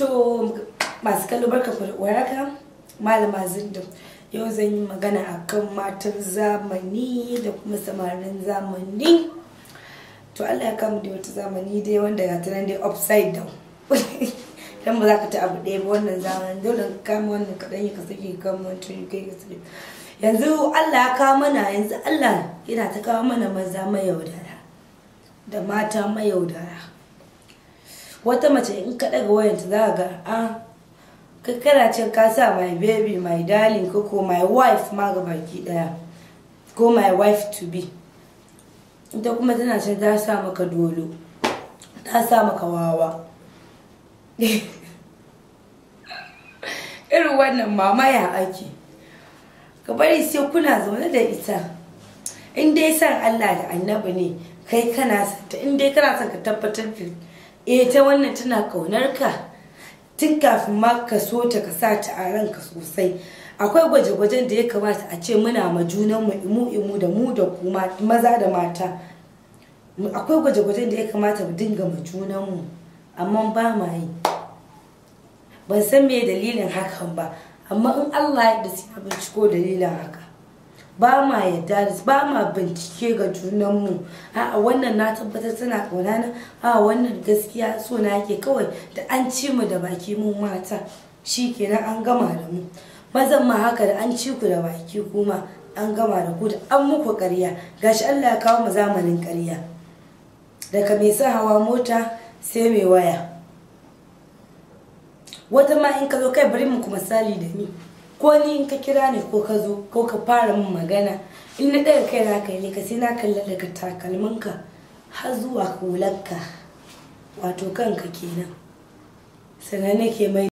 to masu kallo barka waraka malama zindu yau zan yi magana akan matan zamani da kuma samarin zamani to Allah ya kama da wata zamani dai wanda ga tunan dai upside down dan ba za ka ta abu ɗaya ba wannan zamanin dole ka kama wannan kaɗan ya ka sake kama wancan kai ka sake yanzu Allah ya kawo mana yanzu Allah yana ta kawo mana maza mayaudara da mata mayaudara wata mace in ka daga ta za ga a ah, ka kana cin ka sa my baby my darling ko ko my wife ma ga baki daya ko my wife to be ita kuma tana cin ta sa maka dolo ta sa maka wawa irin wannan mama ya ake ka bari sai kuna zaune da ita in dai san Allah da annabi ne kai kana santa in dai kana son ka tabbatar eh ta wannan tana kaunar ka tun kafin ma ka so ta ka sa ta a ranka sosai akwai gwaje-gwajen da ya kamata a ce muna ma junanmu imu imu da mu da ku maza da mata akwai gwaje-gwajen da ya kamata mu dinga ma mu amma ba ma yi ban san me dalilin hakan ba amma in Allah ya da sai binciko dalilin haka ba ma yadda da ba ma bincike ga junan mu a wannan na tabbatar tana kauna na a wannan gaskiya so na yake kawai da an ci mu da baki mu mata shi kenan an gama da mu mazan ma haka da an ci ku da baki kuma an gama da ku da an muku ƙarya gashi Allah ya kawo mu zamanin ƙarya daga mai sa hawa mota sai mai waya wata ma in ka zo kai bari mu kuma sali da ni ko ni in ka kira ni ko ka zo ko ka fara min magana in na ɗaga kai na kai ka sai na kalla daga takalminka har zuwa hularka wato kanka kenan sannan nake mai